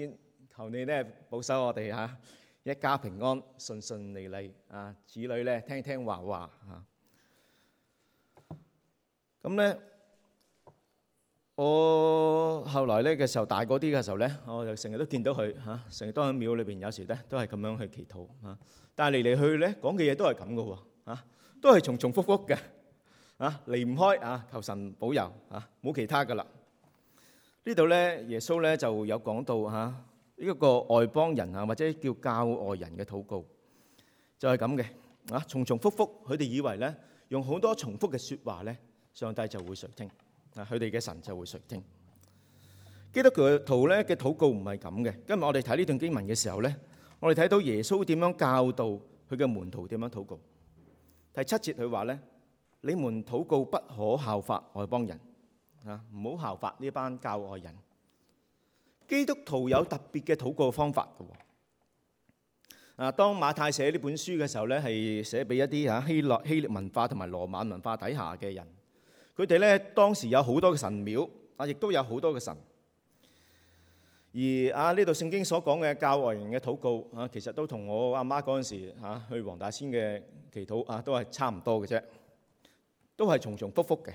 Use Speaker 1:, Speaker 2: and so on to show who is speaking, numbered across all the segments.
Speaker 1: 先求你咧，保守我哋哈，一家平安，順順利利啊，子女咧聽聽話話啊。咁咧，我後來咧嘅時候大個啲嘅時候咧，我就成日都見到佢吓，成日都喺廟裏邊，有時咧都係咁樣去祈禱啊。但係嚟嚟去去咧，講嘅嘢都係咁嘅喎，啊都係重重複複嘅，啊離唔開啊，求神保佑啊，冇其他噶啦。呢度咧，耶穌咧就有講到嚇呢一個外邦人啊，或者叫教外人嘅禱告，就係咁嘅啊，重重複複，佢哋以為咧用好多重複嘅説話咧，上帝就會垂聽啊，佢哋嘅神就會垂聽。基督徒嘅徒咧嘅禱告唔係咁嘅。今日我哋睇呢段經文嘅時候咧，我哋睇到耶穌點樣教導佢嘅門徒點樣禱告。第七節佢話咧：「你們禱告不可效法外邦人。啊！唔好效法呢班教外人。基督徒有特別嘅禱告方法嘅喎、哦。嗱、啊，當馬太寫呢本書嘅時候咧，係寫俾一啲啊希勒希臘文化同埋羅馬文化底下嘅人。佢哋咧當時有好多嘅神廟啊，亦都有好多嘅神。而啊呢度聖經所講嘅教外人嘅禱告啊，其實都同我阿媽嗰陣時、啊、去黃大仙嘅祈禱啊，都係差唔多嘅啫，都係重重複複嘅。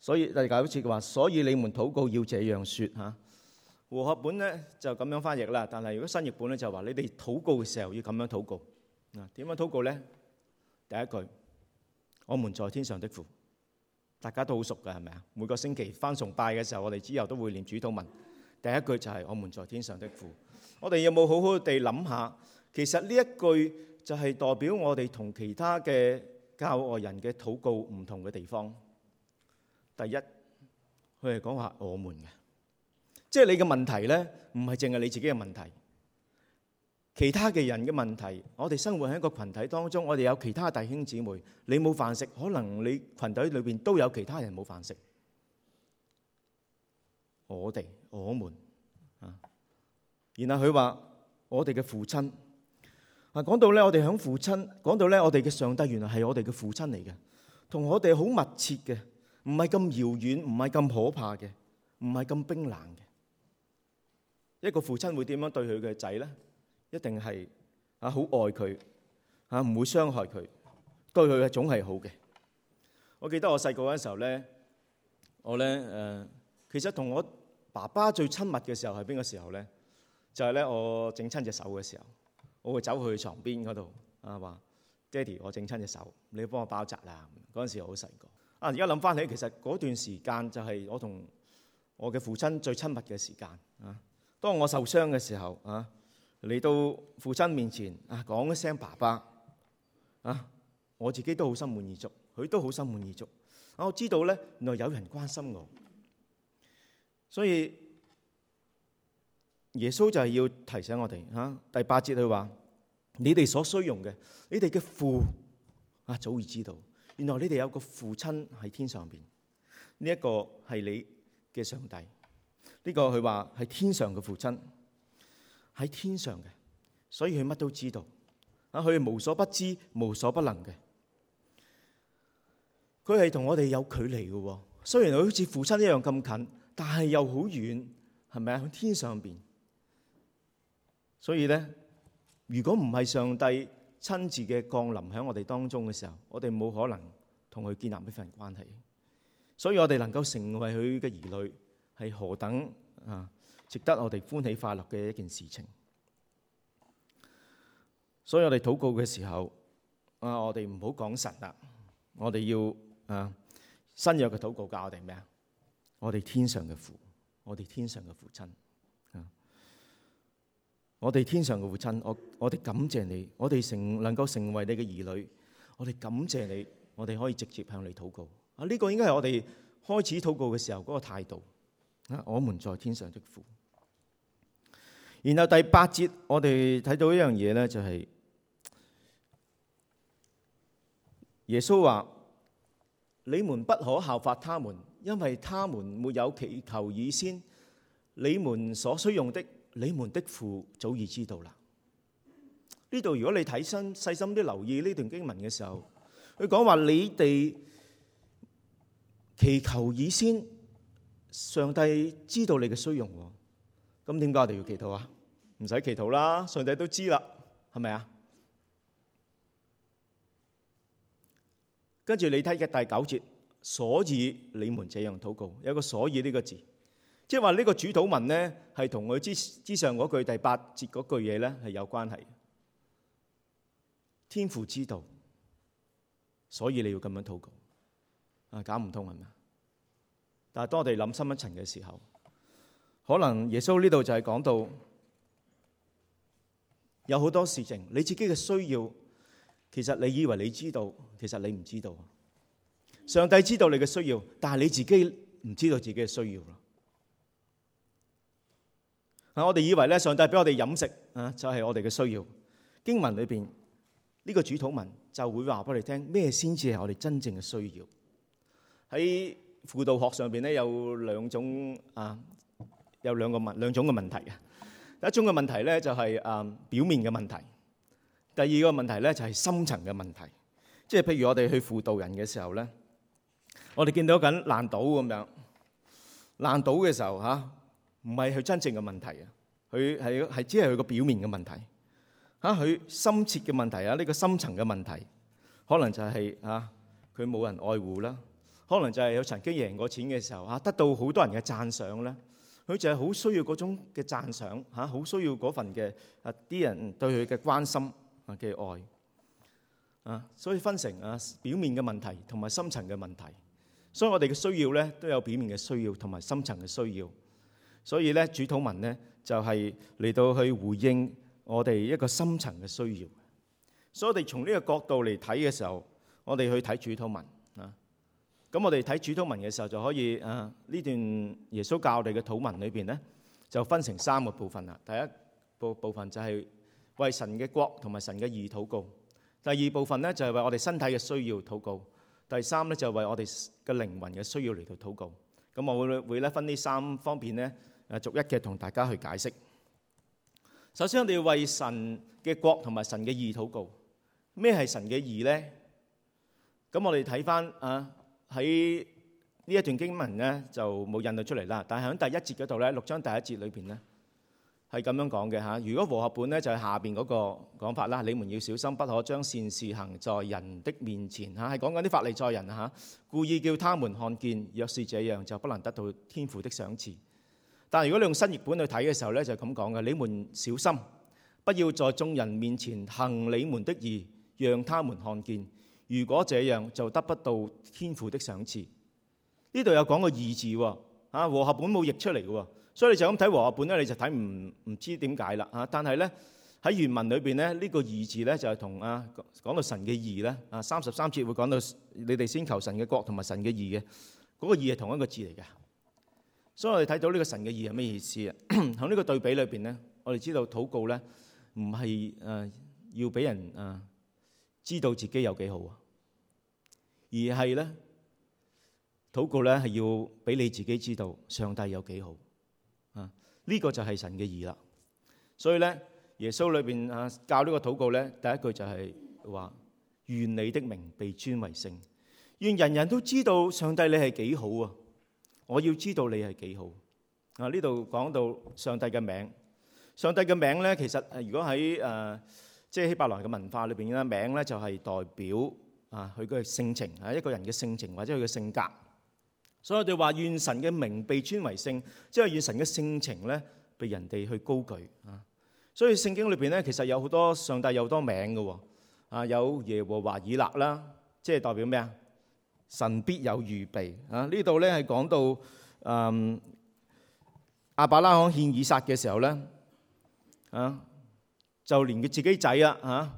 Speaker 1: 所以大家好似嘅話，所以你們禱告要這樣説嚇、啊。和合本咧就咁樣翻譯啦，但係如果新譯本咧就話：你哋禱告嘅時候要咁樣禱告。點、啊、樣禱告咧？第一句：我們在天上的父，大家都好熟㗎係咪啊？每個星期翻崇拜嘅時候，我哋之後都會念主禱文。第一句就係、是、我們在天上的父。我哋有冇好好地諗下？其實呢一句就係代表我哋同其他嘅教外人嘅禱告唔同嘅地方。第一，佢係講話我們嘅，即係你嘅問題咧，唔係淨係你自己嘅問題，其他嘅人嘅問題。我哋生活喺一個群體當中，我哋有其他弟兄姊妹。你冇飯食，可能你群體裏邊都有其他人冇飯食。我哋，我們啊，然後佢話我哋嘅父親啊，講到咧，我哋響父親，講到咧，說到我哋嘅上帝原來係我哋嘅父親嚟嘅，同我哋好密切嘅。唔係咁遙遠，唔係咁可怕嘅，唔係咁冰冷嘅。一個父親會點樣對佢嘅仔咧？一定係啊，好愛佢，啊唔會傷害佢，對佢嘅總係好嘅。我記得我細個嗰陣時候咧，我咧誒、呃，其實同我爸爸最親密嘅時候係邊個時候咧？就係、是、咧我整親隻手嘅時候，我會走去床邊嗰度啊，話爹哋，我整親隻手，你幫我包紮啦。嗰陣時好細個。啊！而家諗翻起，其實嗰段時間就係我同我嘅父親最親密嘅時間啊。當我受傷嘅時候啊，嚟到父親面前啊，講一聲爸爸啊，我自己都好心滿意足，佢都好心滿意足。我知道咧，原來有人關心我，所以耶穌就係要提醒我哋啊。第八節佢話：你哋所需用嘅，你哋嘅父啊，早已知道。原來你哋有個父親喺天上邊，呢一個係你嘅上帝，呢個佢話係天上嘅父親，喺天上嘅，所以佢乜都知道，啊佢無所不知、無所不能嘅，佢係同我哋有距離嘅，雖然佢好似父親一樣咁近，但係又好遠，係咪啊？喺天上邊，所以咧，如果唔係上帝。親自嘅降臨喺我哋當中嘅時候，我哋冇可能同佢建立呢份關係，所以我哋能夠成為佢嘅兒女，係何等啊值得我哋歡喜快樂嘅一件事情。所以我哋禱告嘅時候啊，我哋唔好講神啦，我哋要啊新約嘅禱告教我哋咩啊？我哋天上嘅父，我哋天上嘅父親。我哋天上嘅父親，我我哋感謝你，我哋成能夠成為你嘅兒女，我哋感謝你，我哋可以直接向你禱告。啊，呢個應該係我哋開始禱告嘅時候嗰個態度。啊，我們在天上的父。然後第八節，我哋睇到一樣嘢咧，就係耶穌話： 你們不可效法他們，因為他們沒有祈求以先，你們所需用的。你們的父早已知道啦。呢度，如果你睇身細心啲留意呢段經文嘅時候，佢講話你哋祈求以先，上帝知道你嘅需要。咁點解我哋要祈禱啊？唔使祈禱啦，上帝都知啦，係咪啊？跟住你睇嘅第九節，所以你們這樣禱告，有個所以呢個字。即係話呢個主禱文咧，係同佢之之上嗰句第八節嗰句嘢咧係有關係。天父知道，所以你要咁樣禱告啊，搞唔通係咪？但係當我哋諗深一層嘅時候，可能耶穌呢度就係講到有好多事情你自己嘅需要，其實你以為你知道，其實你唔知道。上帝知道你嘅需要，但係你自己唔知道自己嘅需要咯。我哋以為咧，上帝俾我哋飲食啊，就係我哋嘅需要。經文裏邊呢個主禱文就會話俾我哋聽咩先至係我哋真正嘅需要。喺輔導學上邊咧，有兩種啊，有兩個問兩種嘅問題。第一種嘅問題咧就係啊表面嘅問題；第二個問題咧就係深層嘅問題。即係譬如我哋去輔導人嘅時候咧，我哋見到緊爛賭咁樣爛賭嘅時候吓。啊」唔係佢真正嘅問題啊！佢係係只係佢個表面嘅問題嚇，佢深切嘅問題啊！呢個深層嘅問題可能就係嚇佢冇人愛護啦，可能就係有曾經贏過錢嘅時候嚇得到好多人嘅讚賞啦，佢就係好需要嗰種嘅讚賞嚇，好需要嗰份嘅啊啲人對佢嘅關心啊嘅愛啊，所以分成啊表面嘅問題同埋深層嘅問題，所以我哋嘅需要咧都有表面嘅需要同埋深層嘅需要。所以咧，主禱文咧就係嚟到去回應我哋一個深層嘅需要。所以我哋從呢個角度嚟睇嘅時候，我哋去睇主禱文啊。咁我哋睇主禱文嘅時候，就可以啊呢段耶穌教我哋嘅禱文裏邊咧，就分成三個部分啦。第一部部分就係為神嘅國同埋神嘅義禱告；第二部分咧就係為我哋身體嘅需要禱告；第三咧就係為我哋嘅靈魂嘅需要嚟到禱告。咁我會會咧分呢三方面咧。啊，逐一嘅同大家去解釋。首先，我哋要為神嘅國同埋神嘅義禱告。咩係神嘅義咧？咁我哋睇翻啊，喺呢一段經文咧就冇印到出嚟啦。但係喺第一節嗰度咧，六章第一節裏邊咧係咁樣講嘅嚇。如果和合本咧就係下邊嗰個講法啦。你們要小心，不可將善事行在人的面前嚇，係講緊啲法利在人嚇、啊，故意叫他們看見。若是這樣，就不能得到天父的賞賜。但如果你用新譯本去睇嘅時候咧，就咁講嘅，你們小心，不要在眾人面前行你們的義，讓他們看見。如果這樣就得不到天父的賞賜。呢度有講個義字喎，啊，和合本冇譯出嚟嘅喎，所以你就咁睇和合本咧，你就睇唔唔知點解啦。啊，但係咧喺原文裏邊咧，呢個義字咧就係同啊講到神嘅義咧。啊，三十三節會講到你哋先求神嘅國同埋神嘅義嘅，嗰個義係同一個字嚟嘅。所以我哋睇到呢個神嘅義係咩意思啊？喺呢 個對比裏邊咧，我哋知道禱告咧唔係誒要俾人誒知道自己有幾好，啊，而係咧禱告咧係要俾你自己知道上帝有幾好啊！呢、這個就係神嘅義啦。所以咧，耶穌裏邊啊教呢個禱告咧，第一句就係話：願你的名被尊為聖，願人人都知道上帝你係幾好啊！我要知道你係幾好啊！呢度講到上帝嘅名，上帝嘅名咧，其實如果喺誒即係希伯來嘅文化裏邊咧，名咧就係代表啊佢嘅性情啊，一個人嘅性情或者佢嘅性格。所以我哋話願神嘅名被尊為聖，即係願神嘅性情咧被人哋去高舉啊！所以聖經裏邊咧其實有好多上帝有好多名嘅喎啊，有耶和華以勒啦，即係代表咩啊？神必有預備啊！呢度咧係講到阿伯拉罕獻以撒嘅時候咧啊，就連佢自己仔啊嚇，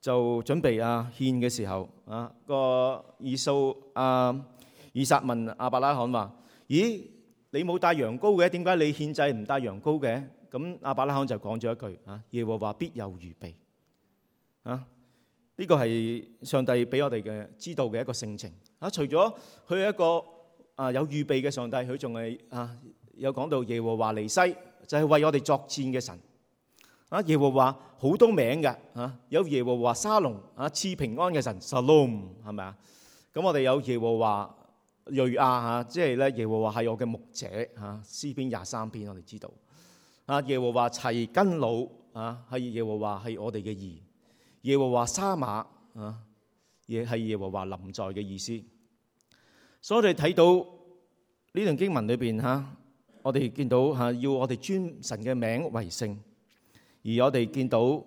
Speaker 1: 就準備啊獻嘅時候啊個以掃阿以撒問阿伯拉罕話：咦，你冇帶羊羔嘅？點解你獻祭唔帶羊羔嘅？咁阿伯拉罕就講咗一句啊：耶和華必有預備啊！呢個係上帝俾我哋嘅知道嘅一個性情。啊！除咗佢係一個啊有預備嘅上帝，佢仲係啊有講到耶和華尼西就係、是、為我哋作戰嘅神。啊！耶和華好多名嘅啊，有耶和華沙龍啊賜平安嘅神 Saloon 係咪啊？咁我哋有耶和華瑞亞吓，即係咧耶和華係我嘅牧者吓。詩篇廿三篇我哋知道啊。耶和華齊根魯啊，係耶和華係我哋嘅義。耶和華沙馬啊，也係耶和華臨在嘅意思。所以我哋睇到呢段經文裏邊吓，我哋見到吓要我哋尊神嘅名為聖，而我哋見到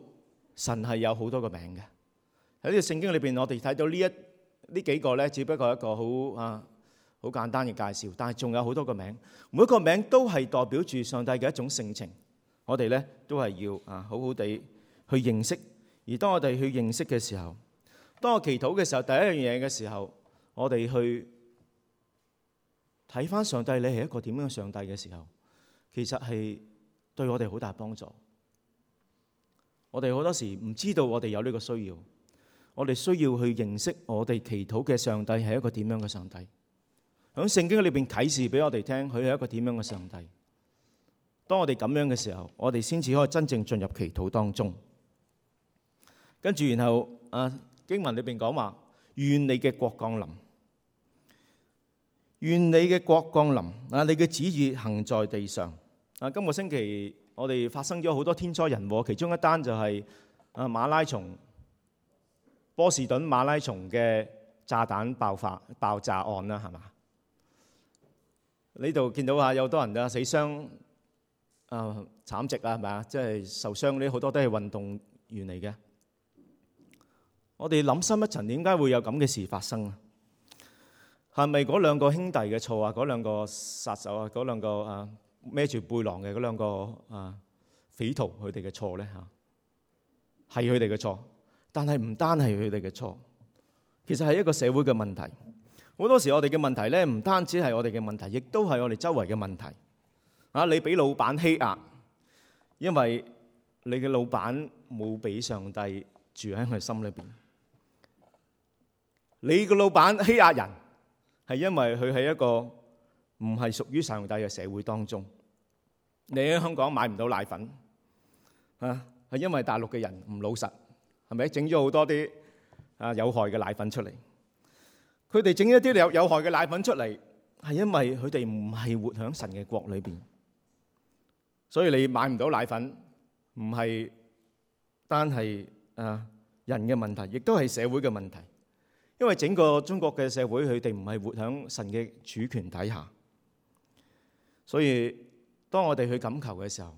Speaker 1: 神係有好多個名嘅。喺呢個聖經裏邊，我哋睇到呢一呢幾個咧，只不過一個好啊好簡單嘅介紹，但係仲有好多個名，每一個名都係代表住上帝嘅一種性情。我哋咧都係要啊好好地去認識，而當我哋去認識嘅時候，當我祈禱嘅時候，第一樣嘢嘅時候，我哋去。睇翻上帝，你係一個點樣嘅上帝嘅時候，其實係對我哋好大幫助。我哋好多時唔知道我哋有呢個需要，我哋需要去認識我哋祈禱嘅上帝係一個點樣嘅上帝。響聖經裏邊啓示俾我哋聽，佢係一個點樣嘅上帝。當我哋咁樣嘅時候，我哋先至可以真正進入祈禱當中。跟住然後啊，經文裏邊講話，願你嘅國降臨。願你嘅國降臨，啊，你嘅旨意行在地上。啊，今個星期我哋發生咗好多天災人禍，其中一單就係啊馬拉松，波士頓馬拉松嘅炸彈爆發，爆炸案啦，係嘛？呢度見到啊，有多人啊死傷啊慘直啊，係、呃、嘛？即係受傷呢，好多都係運動員嚟嘅。我哋諗深一層，點解會有咁嘅事發生？係咪嗰兩個兄弟嘅錯啊？嗰兩個殺手啊，嗰兩個啊孭住背囊嘅嗰兩個啊匪徒，佢哋嘅錯咧？吓，係佢哋嘅錯，但係唔單係佢哋嘅錯，其實係一個社會嘅問題。好多時我哋嘅問題咧，唔單止係我哋嘅問題，亦都係我哋周圍嘅問題啊。你俾老闆欺壓，因為你嘅老闆冇俾上帝住喺佢心裏邊，你嘅老闆欺壓人。係因為佢喺一個唔係屬於上帝嘅社會當中，你喺香港買唔到奶粉啊，係因為大陸嘅人唔老實，係咪整咗好多啲啊有害嘅奶粉出嚟？佢哋整一啲有有害嘅奶粉出嚟，係因為佢哋唔係活喺神嘅國裏邊，所以你買唔到奶粉，唔係單係啊人嘅問題，亦都係社會嘅問題。因為整個中國嘅社會，佢哋唔係活喺神嘅主權底下，所以當我哋去感求嘅時候，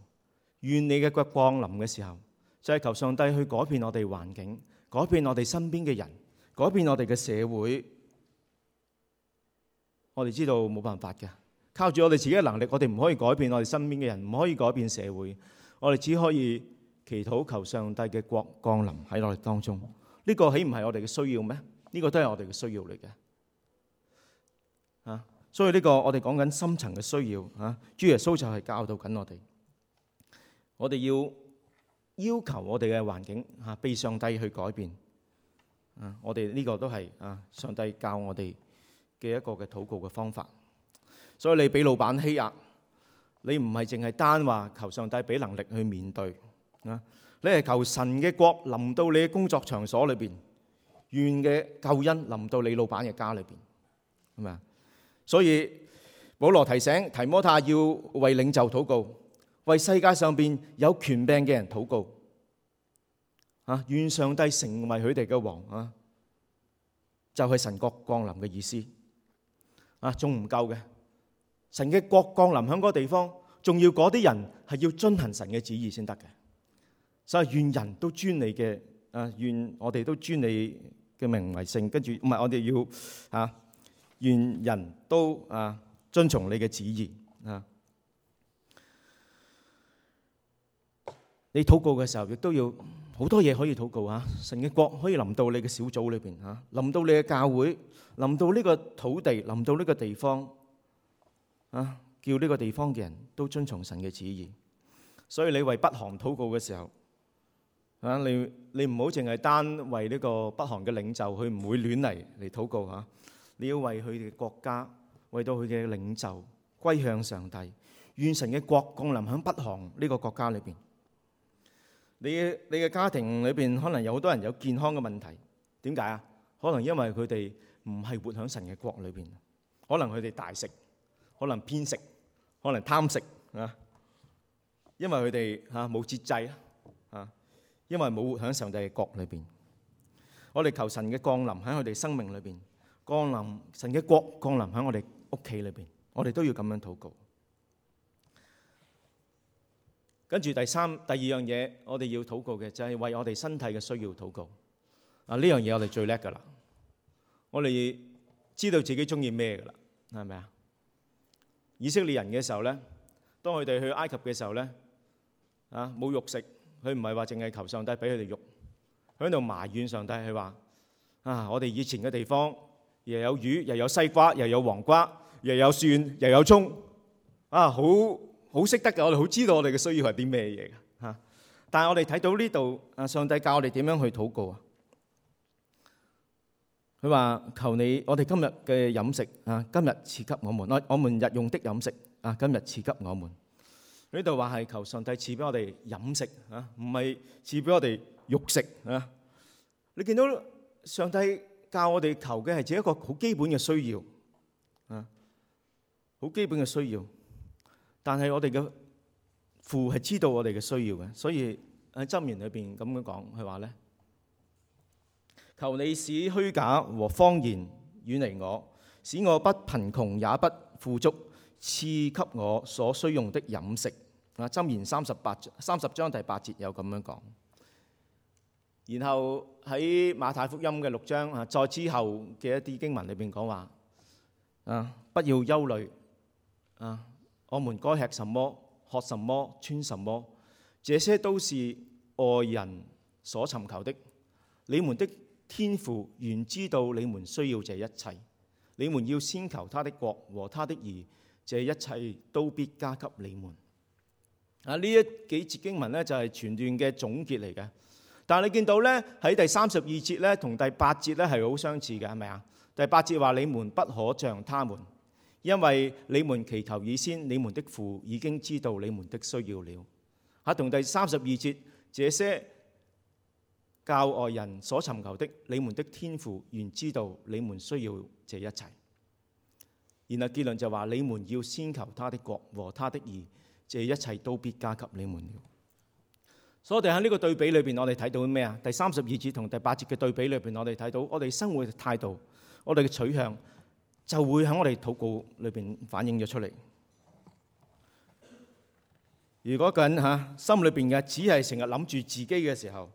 Speaker 1: 願你嘅國降臨嘅時候，就係、是、求上帝去改變我哋環境，改變我哋身邊嘅人，改變我哋嘅社會。我哋知道冇辦法嘅，靠住我哋自己嘅能力，我哋唔可以改變我哋身邊嘅人，唔可以改變社會。我哋只可以祈禱求上帝嘅國降臨喺我哋當中。呢、這個豈唔係我哋嘅需要咩？呢個都係我哋嘅需要嚟嘅，吓，所以呢個我哋講緊深層嘅需要，吓，主耶穌就係教導緊我哋，我哋要要求我哋嘅環境吓被上帝去改變，啊，我哋呢個都係啊上帝教我哋嘅一個嘅禱告嘅方法，所以你俾老闆欺壓，你唔係淨係單話求上帝俾能力去面對，啊，你係求神嘅國臨到你嘅工作場所裏面。願嘅救恩臨到李老闆嘅家裏邊，係咪啊？所以保羅提醒提摩太要為領袖禱告，為世界上邊有權柄嘅人禱告。啊，願上帝成為佢哋嘅王啊，就係神國降臨嘅意思。啊，仲唔夠嘅？神嘅國降臨響嗰個地方，仲要嗰啲人係要遵行神嘅旨意先得嘅。所以願人都尊你嘅，啊，願我哋都尊你嘅名為聖，跟住唔係我哋要啊，願人都啊遵從你嘅旨意啊。你禱告嘅時候亦都要好多嘢，可以禱告啊。神嘅國可以臨到你嘅小組裏邊啊，臨到你嘅教會，臨到呢個土地，臨到呢個地方啊，叫呢個地方嘅人都遵從神嘅旨意。所以你為北韓禱告嘅時候。啊！你你唔好淨係單為呢個北韓嘅領袖，佢唔會亂嚟嚟禱告啊！你要為佢哋國家，為到佢嘅領袖歸向上帝，願神嘅國降臨響北韓呢個國家裏邊。你你嘅家庭裏邊可能有好多人有健康嘅問題，點解啊？可能因為佢哋唔係活響神嘅國裏邊，可能佢哋大食，可能偏食，可能貪食啊！因為佢哋吓冇節制啊！啊！因為冇活喺上帝嘅國裏邊，我哋求神嘅降臨喺佢哋生命裏邊，降臨神嘅國降臨喺我哋屋企裏邊，我哋都要咁樣禱告。跟住第三、第二樣嘢，我哋要禱告嘅就係為我哋身體嘅需要禱告。啊，呢樣嘢我哋最叻噶啦，我哋知道自己中意咩噶啦，係咪啊？以色列人嘅時候咧，當佢哋去埃及嘅時候咧，啊，冇肉食。佢唔係話淨係求上帝俾佢哋肉，佢喺度埋怨上帝。佢話：啊，我哋以前嘅地方又有魚，又有西瓜，又有黃瓜，又有蒜，又有葱，啊，好好識得㗎，我哋好知道我哋嘅需要係啲咩嘢嘅吓。但係我哋睇到呢度，啊，上帝教我哋點樣去禱告啊？佢話：求你，我哋今日嘅飲食啊，今日賜給我們，我我們日用的飲食啊，今日賜給我們。呢度話係求上帝賜俾我哋飲食，唔係賜俾我哋肉食。你見到上帝教我哋求嘅係只一個好基本嘅需要，好基本嘅需要。但係我哋嘅父係知道我哋嘅需要嘅，所以喺箴言裏面咁樣講，佢話咧：求你使虛假和謊言遠離我，使我不貧窮也不富足。賜給我所需用的飲食啊，箴言三十八三十章第八節有咁樣講。然後喺馬太福音嘅六章啊，再之後嘅一啲經文裏面講話啊，不要憂慮啊，我們該吃什麼、喝什麼、穿什麼，這些都是外人所尋求的。你們的天父原知道你們需要這一切，你們要先求他的國和他的義。這一切都必加給你們啊！呢一幾節經文呢，就係全段嘅總結嚟嘅。但係你見到呢，喺第三十二節呢，同第八節呢，係好相似嘅，係咪啊？第八節話你們不可像他們，因為你們祈求以先，你們的父已經知道你們的需要了。嚇，同第三十二節這些教外人所尋求的，你們的天父原知道你們需要這一切。然後結論就話：你們要先求他的國和他的義，這一切都必加給你們了。所以我哋喺呢個對比裏邊，我哋睇到咩啊？第三十二節同第八節嘅對比裏邊，我哋睇到我哋生活嘅態度、我哋嘅取向，就會喺我哋禱告裏邊反映咗出嚟。如果緊嚇心裏邊嘅只係成日諗住自己嘅時候，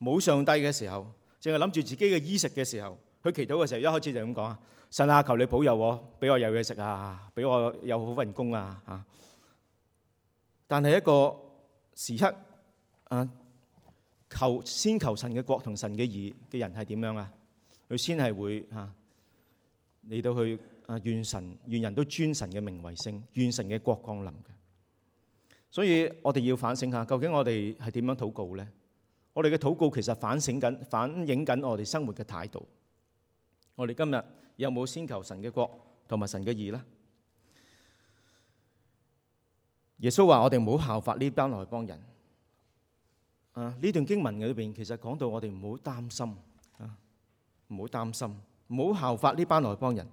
Speaker 1: 冇上帝嘅時候，淨係諗住自己嘅衣食嘅時候，佢祈禱嘅時候，一開始就咁講啊！神啊！求你保佑我，俾我有嘢食啊！俾我有好份工啊！嚇，但係一個時刻，啊，求先求神嘅國同神嘅義嘅人係點樣啊？佢先係會吓嚟到去啊，願神願人都尊神嘅名為聖，願神嘅國降臨嘅。所以我哋要反省下，究竟我哋係點樣禱告咧？我哋嘅禱告其實反省緊，反映緊我哋生活嘅態度。我哋今日。有冇先求神嘅國同埋神嘅義咧？耶穌話：我哋唔好效法呢班外邦人。啊，呢段經文嘅裏邊，其實講到我哋唔好擔心，唔好擔心，唔好效法呢班外邦人。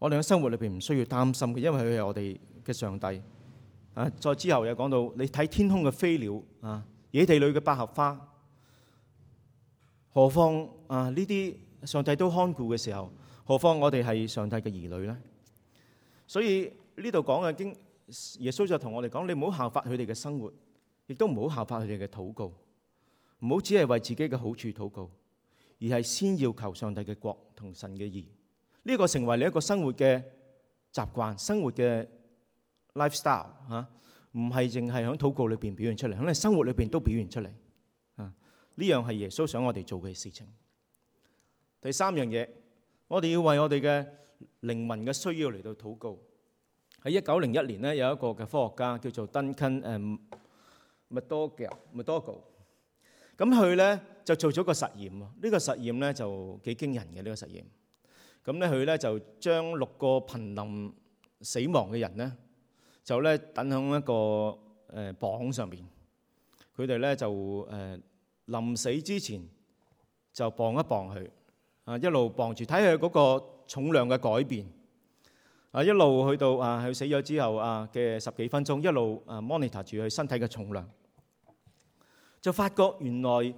Speaker 1: 我哋喺生活裏邊唔需要擔心嘅，因為佢係我哋嘅上帝。啊，再之後又講到你睇天空嘅飛鳥啊，野地裏嘅百合花，何況啊呢啲上帝都看顧嘅時候。何況我哋係上帝嘅兒女咧，所以呢度講嘅經，耶穌就同我哋講：你唔好效法佢哋嘅生活，亦都唔好效法佢哋嘅禱告，唔好只係為自己嘅好處禱告，而係先要求上帝嘅國同神嘅義。呢個成為你一個生活嘅習慣，生活嘅 lifestyle 嚇，唔係淨係喺禱告裏邊表現出嚟，喺你生活裏邊都表現出嚟啊。呢樣係耶穌想我哋做嘅事情。第三樣嘢。我哋要為我哋嘅靈魂嘅需要嚟到禱告。喺一九零一年咧，有一個嘅科學家叫做登肯誒麥多格麥多格，咁佢咧就做咗個實驗喎。呢個實驗咧就幾驚人嘅，呢個實驗。咁咧佢咧就將六個瀕臨死亡嘅人咧，就咧等喺一個誒磅上邊，佢哋咧就誒臨死之前就磅一磅佢。啊，一路磅住睇佢嗰個重量嘅改變，啊一路去到啊佢死咗之後啊嘅十幾分鐘，一路啊 monitor 住佢身體嘅重量，就發覺原來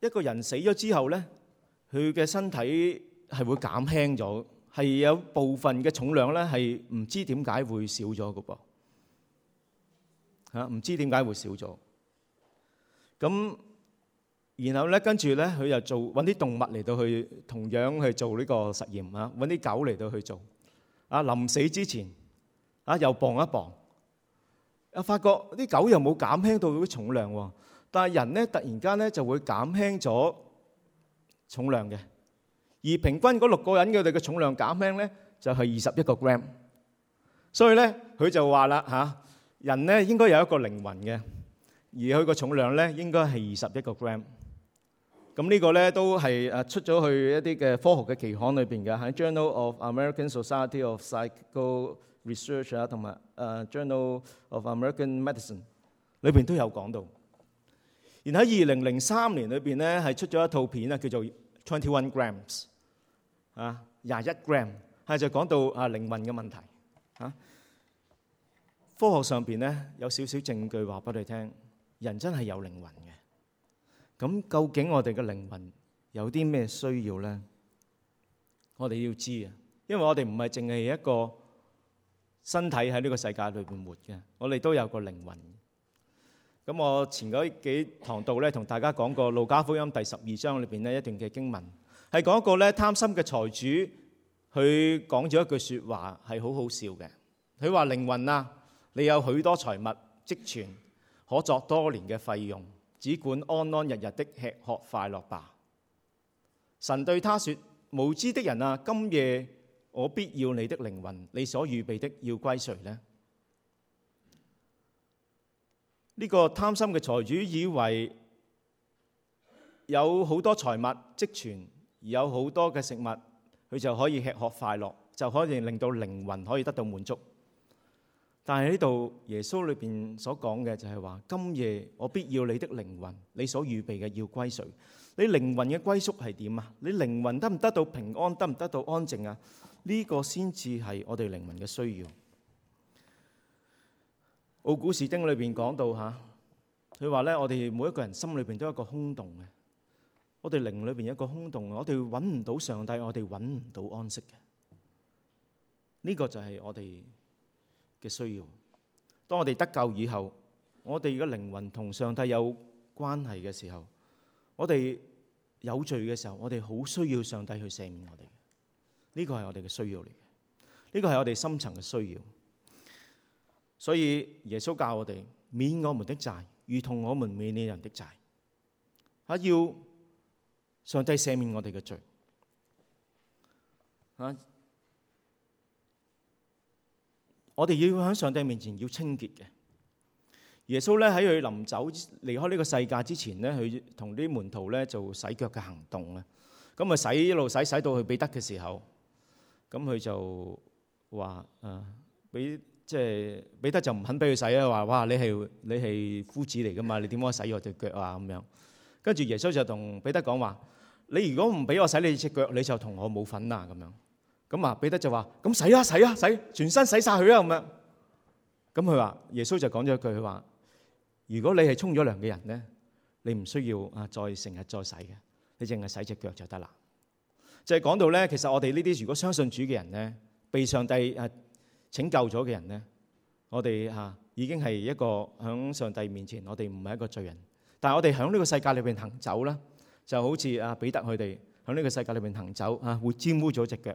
Speaker 1: 一個人死咗之後咧，佢嘅身體係會減輕咗，係有部分嘅重量咧係唔知點解會少咗嘅噃嚇，唔知點解會少咗，咁。然後咧，跟住咧，佢又做揾啲動物嚟到去同樣去做呢個實驗啊，揾啲狗嚟到去做啊。臨死之前啊，又磅一磅，啊發覺啲狗又冇減輕到啲重量喎。但係人咧，突然間咧就會減輕咗重量嘅。而平均嗰六個人佢哋嘅重量減輕咧就係二十一個 gram。所以咧，佢就話啦嚇，人咧應該有一個靈魂嘅，而佢個重量咧應該係二十一個 gram。咁呢個咧都係誒出咗去一啲嘅科學嘅期刊裏邊嘅，喺 Journal of American Society of Psychical Research 啊，同埋誒 Journal of American Medicine 裏邊都有講到。然後喺二零零三年裏邊咧係出咗一套片啊，叫做 Twenty One Grams 啊，廿一 gram，係就講到啊靈魂嘅問題啊。科學上邊咧有少少證據話俾你聽，人真係有靈魂嘅。咁究竟我哋嘅靈魂有啲咩需要呢？我哋要知啊，因為我哋唔係淨係一個身體喺呢個世界裏邊活嘅，我哋都有個靈魂。咁我前嗰幾堂度呢，同大家講過路加福音第十二章裏邊呢一段嘅經文，係講一個呢貪心嘅財主，佢講咗一句說話係好好笑嘅。佢話，靈魂啊，你有許多財物積存，可作多年嘅費用。只管安安逸逸的吃喝快樂吧。神對他說，無知的人啊，今夜我必要你的靈魂，你所預備的要歸誰呢？呢、這個貪心嘅財主以為，有好多財物積存，而有好多嘅食物，佢就可以吃喝快樂，就可以令到靈魂可以得到滿足。但係呢度耶穌裏邊所講嘅就係話，今夜我必要你的靈魂，你所預備嘅要歸誰？你靈魂嘅歸宿係點啊？你靈魂得唔得到平安，得唔得到安靜啊？呢個先至係我哋靈魂嘅需要。奧古斯丁裏邊講到吓，佢話咧，我哋每一個人心裏邊都有一個空洞嘅，我哋靈裏邊有一個空洞，我哋揾唔到上帝，我哋揾唔到安息嘅。呢個就係我哋。嘅需要。當我哋得救以後，我哋嘅靈魂同上帝有關係嘅時候，我哋有罪嘅時候，我哋好需要上帝去赦免我哋。呢個係我哋嘅需要嚟嘅，呢個係我哋深層嘅需要。所以耶穌教我哋免我們的債，如同我們免你人的債。啊，要上帝赦免我哋嘅罪。啊！我哋要喺上帝面前要清潔嘅。耶穌咧喺佢臨走離開呢個世界之前咧，佢同啲門徒咧做洗腳嘅行動啊。咁啊，洗一路洗，洗到去彼得嘅時候，咁佢就話：誒、啊，俾，即係彼得就唔肯俾佢洗啊，話：哇，你係你係夫子嚟噶嘛，你點可以洗我隻腳啊？咁樣。穌跟住耶穌就同彼得講話：你如果唔俾我洗你隻腳，你就同我冇份啊。咁樣。咁啊！彼得就話：咁洗啊，洗啊，洗，全身洗曬佢啊！咁樣咁佢話：耶穌就講咗一句，佢話：如果你係沖咗涼嘅人咧，你唔需要啊，再成日再洗嘅，你淨係洗隻腳就得啦。就係講到咧，其實我哋呢啲如果相信主嘅人咧，被上帝啊拯救咗嘅人咧，我哋嚇已經係一個喺上帝面前，我哋唔係一個罪人。但係我哋喺呢個世界裏邊行走啦，就好似啊彼得佢哋喺呢個世界裏邊行走嚇，會沾污咗隻腳。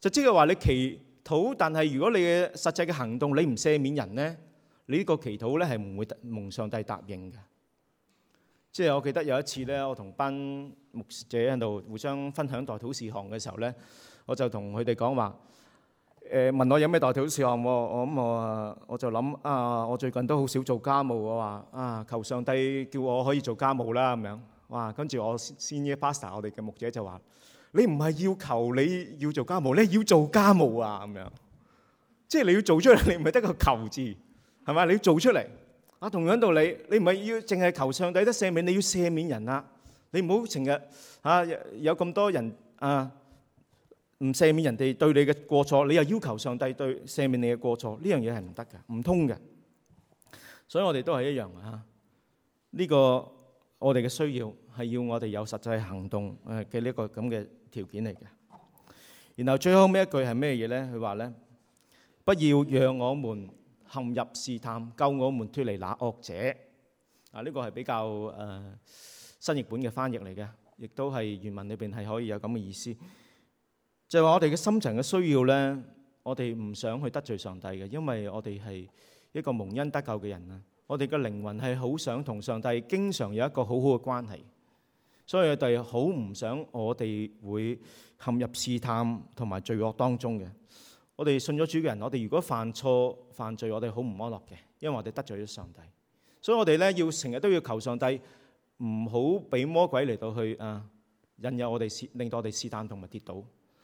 Speaker 1: 就即係話你祈禱，但係如果你嘅實際嘅行動你唔赦免人咧，你呢個祈禱咧係唔會蒙上帝答應嘅。即係我記得有一次咧，我同班牧者喺度互相分享代禱事項嘅時候咧，我就同佢哋講話誒，問我有咩代禱事項，我咁我我就諗啊，我最近都好少做家務，我話啊，求上帝叫我可以做家務啦咁樣。哇！跟住我先 senior pastor，我哋嘅牧者就話。你唔係要求你要做家務，你要做家務啊！咁樣，即係你要做出嚟，你唔係得個求字，係嘛？你要做出嚟啊！同樣道理，你唔係要淨係求上帝得赦免，你要赦免人啊！你唔好成日啊有咁多人啊唔赦免人哋對你嘅過錯，你又要求上帝對赦免你嘅過錯，呢樣嘢係唔得㗎，唔通嘅。所以我哋都係一樣啊！呢個我哋嘅需要係要我哋有實際行動誒嘅呢個咁嘅，條件嚟嘅，然後最後尾一句係咩嘢呢？佢話呢：不要讓我們陷入試探，救我們脫離那惡者。啊，呢個係比較誒新譯本嘅翻譯嚟嘅，亦都係原文裏邊係可以有咁嘅意思。就係話我哋嘅心情嘅需要呢，我哋唔想去得罪上帝嘅，因為我哋係一個蒙恩得救嘅人啊！我哋嘅靈魂係好想同上帝經常有一個好好嘅關係。所以我哋好唔想我哋會陷入試探同埋罪惡當中嘅。我哋信咗主嘅人，我哋如果犯錯犯罪，我哋好唔安樂嘅，因為我哋得罪咗上帝。所以我哋咧要成日都要求上帝唔好俾魔鬼嚟到去啊、呃、引誘我哋試，令到我哋試探同埋跌倒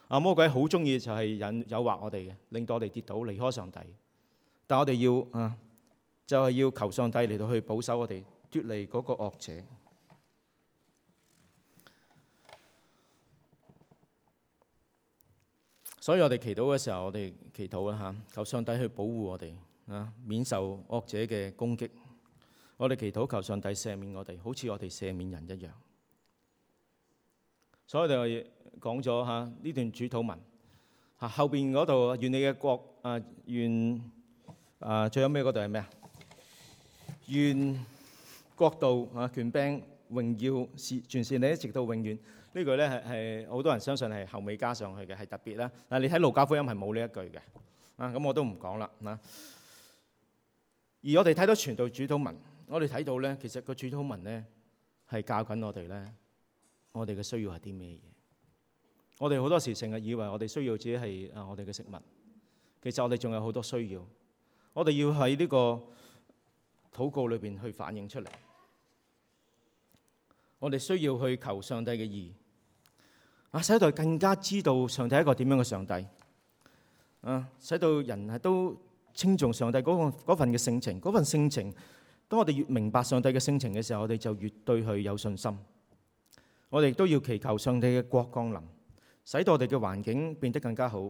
Speaker 1: 啊。魔鬼好中意就係引誘惑我哋嘅，令到我哋跌倒離開上帝。但我哋要啊、呃，就係、是、要求上帝嚟到去保守我哋，脫離嗰個惡者。所以我哋祈禱嘅時候，我哋祈禱啦吓，求上帝去保護我哋啊，免受惡者嘅攻擊。我哋祈禱求上帝赦免我哋，好似我哋赦免人一樣。所以就講咗吓呢段主禱文吓，後面邊嗰度願你嘅國啊願啊，最尾嗰度係咩啊？願國度啊，權柄榮耀是全是你，一直到永遠。這句呢句咧係係好多人相信係後尾加上去嘅，係特別啦。但你睇路加福音係冇呢一句嘅，啊咁我都唔講啦。啊，而我哋睇到全道主禱文，我哋睇到咧，其實個主禱文咧係教緊我哋咧，我哋嘅需要係啲咩嘢？我哋好多時成日以為我哋需要自己係啊，我哋嘅食物，其實我哋仲有好多需要。我哋要喺呢個禱告裏邊去反映出嚟。我哋需要去求上帝嘅意。啊！使到更加知道上帝係一個點樣嘅上帝，啊！使到人係都尊重上帝嗰個嗰份嘅性情，嗰份性情。當我哋越明白上帝嘅性情嘅時候，我哋就越對佢有信心。我哋亦都要祈求上帝嘅國降臨，使到我哋嘅環境變得更加好。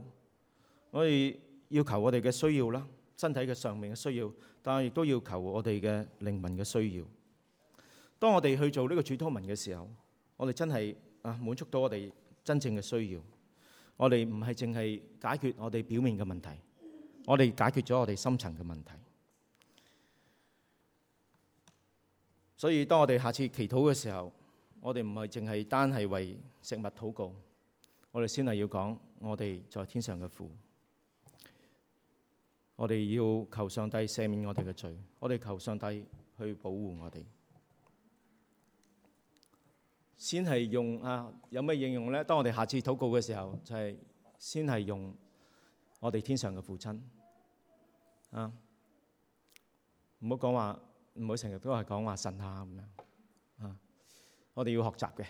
Speaker 1: 我哋要求我哋嘅需要啦，身體嘅上面嘅需要，但係亦都要求我哋嘅靈魂嘅需要。當我哋去做呢個主禱文嘅時候，我哋真係啊滿足到我哋真正嘅需要，我哋唔係淨係解決我哋表面嘅問題，我哋解決咗我哋深層嘅問題。所以當我哋下次祈禱嘅時候，我哋唔係淨係單係為食物禱告，我哋先係要講我哋在天上嘅父，我哋要求上帝赦免我哋嘅罪，我哋求上帝去保護我哋。先係用啊，有咩應用咧？當我哋下次禱告嘅時候，就係、是、先係用我哋天上嘅父親啊，唔好講話，唔好成日都係講話神下咁樣啊。我哋要學習嘅，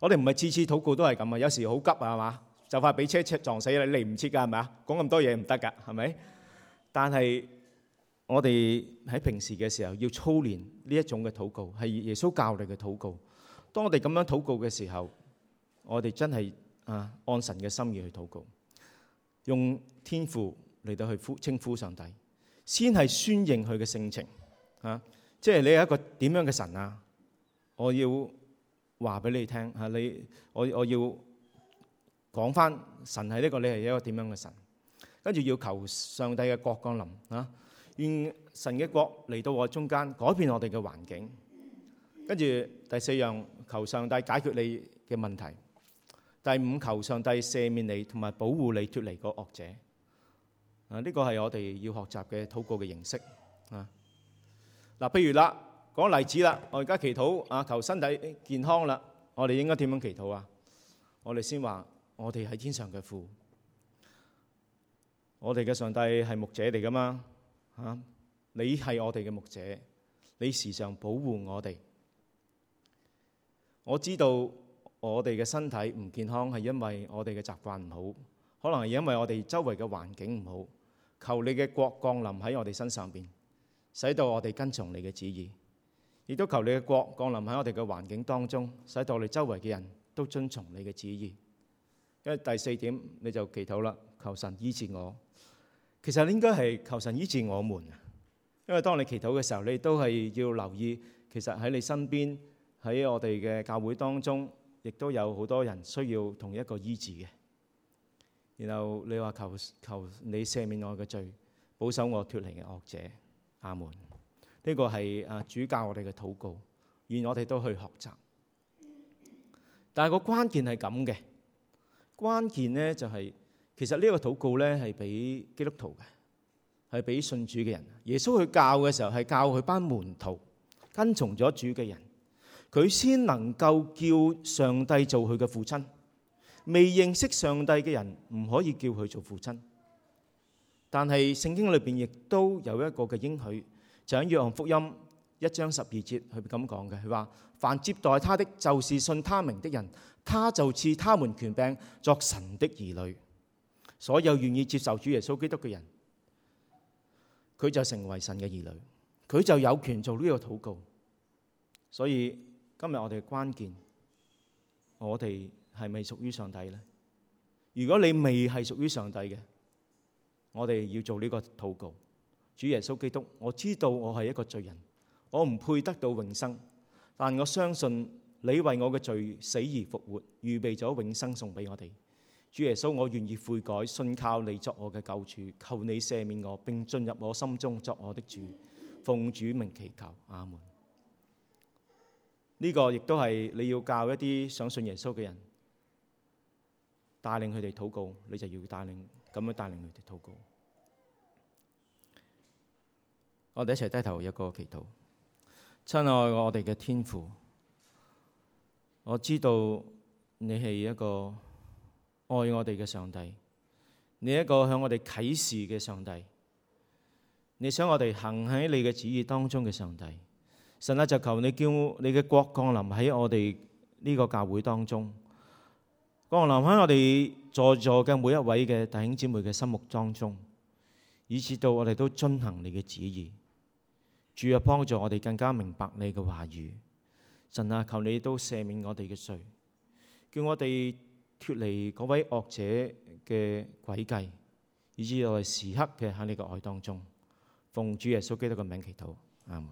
Speaker 1: 我哋唔係次次禱告都係咁啊。有時好急啊，係嘛，就快俾車車撞死，你嚟唔切㗎，係咪啊？講咁多嘢唔得㗎，係咪？但係我哋喺平時嘅時候要操練呢一種嘅禱告，係耶穌教嚟嘅禱告。當我哋咁樣禱告嘅時候，我哋真係啊按神嘅心意去禱告，用天父嚟到去呼稱呼上帝，先係宣認佢嘅性情啊！即係你係一個點樣嘅神啊？我要話俾你聽嚇、啊，你我我要講翻神係呢、這個，你係一個點樣嘅神？跟住要求上帝嘅國降臨啊！願神嘅國嚟到我中間，改變我哋嘅環境。跟住第四樣，求上帝解決你嘅問題。第五，求上帝赦免你同埋保護你脫離個惡者。啊，呢個係我哋要學習嘅禱告嘅形式啊。嗱，譬如啦，講例子啦，我而家祈禱啊，求身體健康啦。我哋應該點樣祈禱啊？我哋先話我哋喺天上嘅父，我哋嘅上帝係牧者嚟㗎嘛？啊，你係我哋嘅牧者，你時常保護我哋。我知道我哋嘅身體唔健康係因為我哋嘅習慣唔好，可能係因為我哋周圍嘅環境唔好。求你嘅國降臨喺我哋身上面，使到我哋跟從你嘅旨意。亦都求你嘅國降臨喺我哋嘅環境當中，使到我哋周圍嘅人都遵從你嘅旨意。因為第四點你就祈禱啦，求神醫治我。其實你應該係求神醫治我們，因為當你祈禱嘅時候，你都係要留意，其實喺你身邊。喺我哋嘅教會當中，亦都有好多人需要同一個醫治嘅。然後你話，求求你赦免我嘅罪，保守我脱離嘅惡者。阿門。呢個係啊主教我哋嘅禱告，願我哋都去學習。但係個關鍵係咁嘅，關鍵咧就係、是、其實呢個禱告咧係俾基督徒嘅，係俾信主嘅人。耶穌去教嘅時候係教佢班門徒，跟從咗主嘅人。佢先能夠叫上帝做佢嘅父親，未認識上帝嘅人唔可以叫佢做父親。但係聖經裏邊亦都有一個嘅應許，就喺約翰福音一章十二節，佢咁講嘅，佢話：凡接待他的，就是信他名的人，他就賜他們權柄作神的兒女。所有願意接受主耶穌基督嘅人，佢就成為神嘅兒女，佢就有權做呢個禱告。所以。今日我哋嘅關鍵，我哋係咪屬於上帝呢？如果你未係屬於上帝嘅，我哋要做呢個禱告。主耶穌基督，我知道我係一個罪人，我唔配得到永生，但我相信你為我嘅罪死而復活，預備咗永生送俾我哋。主耶穌，我願意悔改，信靠你作我嘅救主，求你赦免我，並進入我心中作我的主。奉主名祈求，阿門。呢、這個亦都係你要教一啲想信耶穌嘅人，帶領佢哋禱告，你就要帶領咁樣帶領佢哋禱告。我哋一齊低頭一個祈禱。親愛我哋嘅天父，我知道你係一個愛我哋嘅上帝，你係一個向我哋啟示嘅上帝，你想我哋行喺你嘅旨意當中嘅上帝。神啊，就求你叫你嘅國降臨喺我哋呢個教會當中，降臨喺我哋在座嘅每一位嘅弟兄姊妹嘅心目當中，以至到我哋都遵行你嘅旨意，主啊，幫助我哋更加明白你嘅話語。神啊，求你都赦免我哋嘅罪，叫我哋脱離嗰位惡者嘅詭計，以至我哋時刻嘅喺你嘅愛當中。奉主耶穌基督嘅名祈禱，阿門。